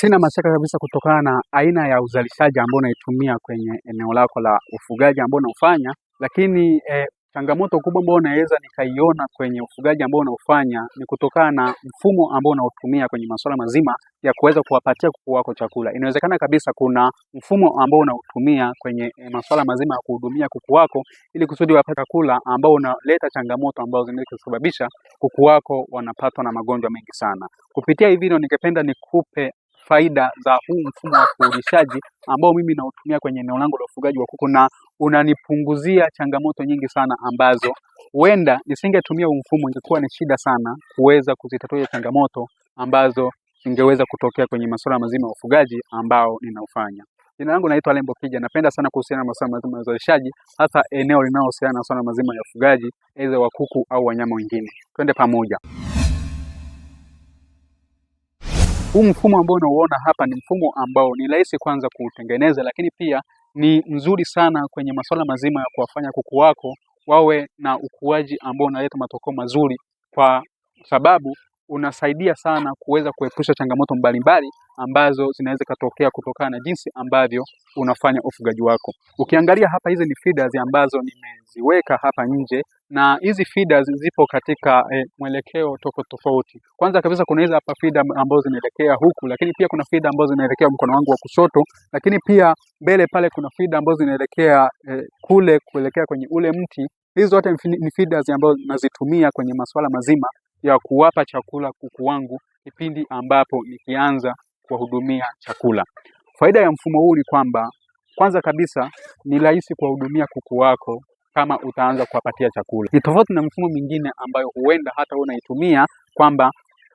Sina mashaka kabisa kutokana na aina ya uzalishaji ambao unaitumia kwenye eneo lako la ufugaji ambao unaofanya, lakini eh, changamoto kubwa ambayo unaweza nikaiona kwenye ufugaji ambao unaofanya ni kutokana na mfumo ambao unaotumia kwenye masuala mazima ya kuweza kuwapatia kuku wako chakula. Inawezekana kabisa kuna mfumo ambao unaotumia kwenye eh, masuala mazima ya kuhudumia kuku wako ili kusudi wapate chakula, ambao unaleta changamoto ambazo zinaweza kusababisha kuku wako wanapatwa na magonjwa mengi sana. Kupitia hii video, ningependa nikupe faida za huu mfumo wa kuulishaji ambao mimi nautumia kwenye eneo langu la ufugaji wa kuku, na unanipunguzia changamoto nyingi sana ambazo huenda nisingetumia huu mfumo, ingekuwa ni shida sana kuweza kuzitatua changamoto ambazo ingeweza kutokea kwenye masuala mazima ya ufugaji ambao ninaufanya. Jina langu naitwa Lembo Kija. Napenda sana kuhusiana na masuala mazima ya uzalishaji, hasa eneo linalohusiana na masuala mazima ya ufugaji, aidha wa kuku au wanyama wengine. Twende pamoja. Huu mfumo ambao unauona hapa ni mfumo ambao ni rahisi kwanza kuutengeneza, lakini pia ni mzuri sana kwenye masuala mazima ya kuwafanya kuku wako wawe na ukuaji ambao unaleta matokeo mazuri, kwa sababu unasaidia sana kuweza kuepusha changamoto mbalimbali ambazo zinaweza ikatokea kutokana na jinsi ambavyo unafanya ufugaji wako. Ukiangalia hapa, hizi ni feeders ambazo nimeziweka hapa nje na hizi feeders zipo katika eh, mwelekeo tofauti tofauti. Kwanza kabisa kuna hizi hapa feeder ambazo zinaelekea huku, lakini pia kuna feeder ambazo zinaelekea mkono wangu wa kushoto, lakini pia mbele pale kuna feeder ambazo zinaelekea eh, kule kuelekea kwenye ule mti. Hizi zote ni feeders ambazo nazitumia kwenye masuala mazima ya kuwapa chakula kuku wangu kipindi ambapo nikianza kuwahudumia chakula. Faida ya mfumo huu ni kwamba kwanza kabisa ni rahisi kuwahudumia kuku wako kama utaanza kuwapatia chakula. Ni tofauti na mfumo mwingine ambayo huenda hata unaitumia kwamba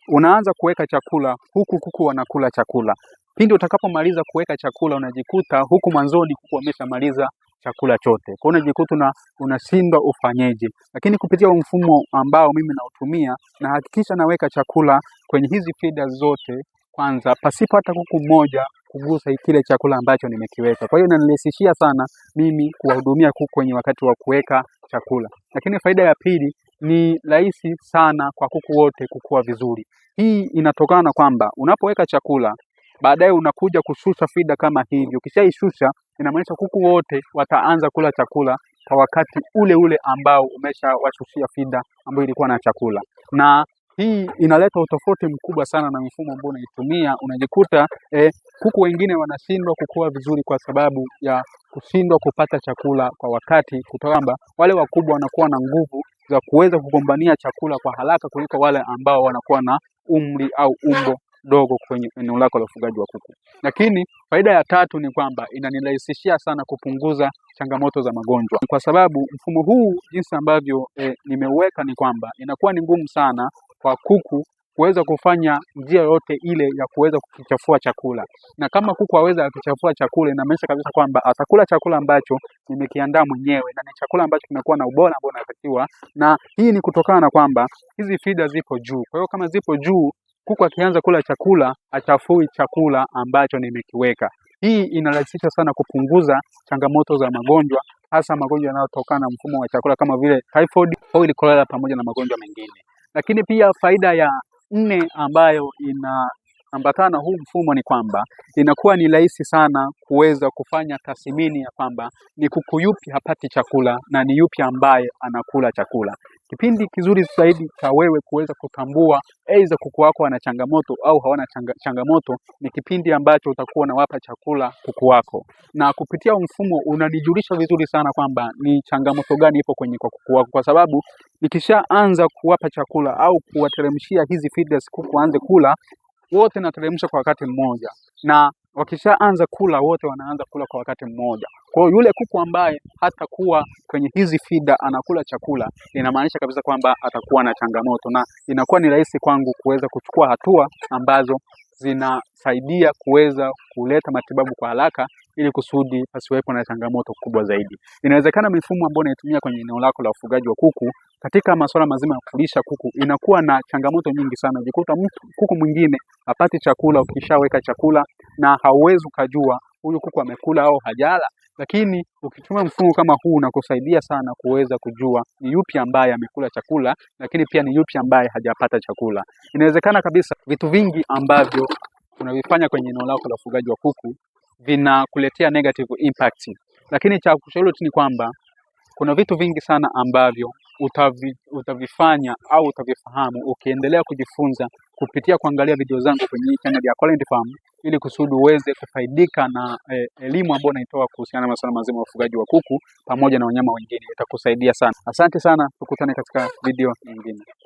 unaanza kuweka chakula huku kuku wanakula chakula. Pindi utakapomaliza kuweka chakula, unajikuta huku mwanzoni kuku wameshamaliza chakula chote, kwa unajikuta na unashindwa ufanyeje. Lakini kupitia mfumo ambao mimi nautumia, nahakikisha naweka chakula kwenye hizi feeders zote kwanza pasipo hata kuku mmoja kugusa kile chakula ambacho nimekiweka. Kwa hiyo inanirahisishia sana mimi kuwahudumia kuku kwenye wakati wa kuweka chakula. Lakini faida ya pili ni rahisi sana kwa kuku wote kukua vizuri. Hii inatokana kwamba unapoweka chakula baadaye unakuja kushusha fida kama hivi. Ukishaishusha inamaanisha kuku wote wataanza kula chakula kwa wakati ule ule ambao umeshawashushia fida ambayo ilikuwa na chakula, na hii inaleta utofauti mkubwa sana na mfumo ambao unaitumia. Unajikuta eh, kuku wengine wanashindwa kukua vizuri kwa sababu ya kushindwa kupata chakula kwa wakati, kwamba wale wakubwa wanakuwa na nguvu za kuweza kugombania chakula kwa haraka kuliko wale ambao wanakuwa na umri au umbo dogo kwenye eneo lako la ufugaji wa kuku. Lakini faida ya tatu ni kwamba inanirahisishia sana kupunguza changamoto za magonjwa, kwa sababu mfumo huu jinsi ambavyo eh, nimeuweka ni kwamba inakuwa ni ngumu sana kwa kuku kuweza kufanya njia yoyote ile ya kuweza kukichafua chakula, na kama kuku aweza akichafua chakula, inamaanisha kabisa kwamba atakula chakula ambacho nimekiandaa mwenyewe na ni chakula ambacho kinakuwa na ubora ambao unatakiwa, na hii ni kutokana na kwamba hizi fida zipo juu. Kwa hiyo kama zipo juu, kuku akianza kula chakula achafui chakula ambacho nimekiweka. Hii inarahisisha sana kupunguza changamoto za magonjwa, hasa magonjwa yanayotokana na mfumo wa chakula kama vile typhoid, cholera pamoja na magonjwa mengine. Lakini pia faida ya nne ambayo inaambatana huu mfumo ni kwamba inakuwa ni rahisi sana kuweza kufanya tathmini ya kwamba ni kuku yupi hapati chakula na ni yupi ambaye anakula chakula kipindi kizuri zaidi cha wewe kuweza kutambua aidha kuku wako wana changamoto au hawana changa, changamoto ni kipindi ambacho utakuwa unawapa chakula kuku wako, na kupitia mfumo unanijulisha vizuri sana kwamba ni changamoto gani ipo kwenye kwa kuku wako, kwa sababu nikishaanza kuwapa chakula au kuwateremshia hizi feeders kuku anze kula wote, nateremsha kwa wakati mmoja na wakishaanza kula wote wanaanza kula kwa wakati mmoja. Kwa hiyo yule kuku ambaye hatakuwa kwenye hizi fida anakula chakula, inamaanisha kabisa kwamba atakuwa na changamoto, na inakuwa ni rahisi kwangu kuweza kuchukua hatua ambazo zinasaidia kuweza kuleta matibabu kwa haraka ili kusudi pasiwepo na changamoto kubwa zaidi. Inawezekana mifumo ambayo unaitumia kwenye eneo lako la ufugaji wa kuku katika masuala mazima ya kulisha kuku inakuwa na changamoto nyingi sana. Jikuta mtu kuku mwingine apati chakula, ukishaweka chakula na hauwezi ukajua huyu kuku amekula au hajala, lakini ukitumia mfumo kama huu unakusaidia sana kuweza kujua ni yupi ambaye amekula chakula, lakini pia ni yupi ambaye hajapata chakula. Inawezekana kabisa vitu vingi ambavyo unavifanya kwenye eneo lako la ufugaji wa kuku vinakuletea negative impact, lakini cha kushauri tu ni kwamba kuna vitu vingi sana ambavyo utavi, utavifanya au utavifahamu ukiendelea kujifunza kupitia kuangalia video zangu kwenye channel ya Quality Farm, ili kusudi uweze kufaidika na eh, elimu ambayo naitoa kuhusiana na masuala mazima ya ufugaji wa kuku pamoja na wanyama wengine. Itakusaidia sana. Asante sana, tukutane katika video nyingine.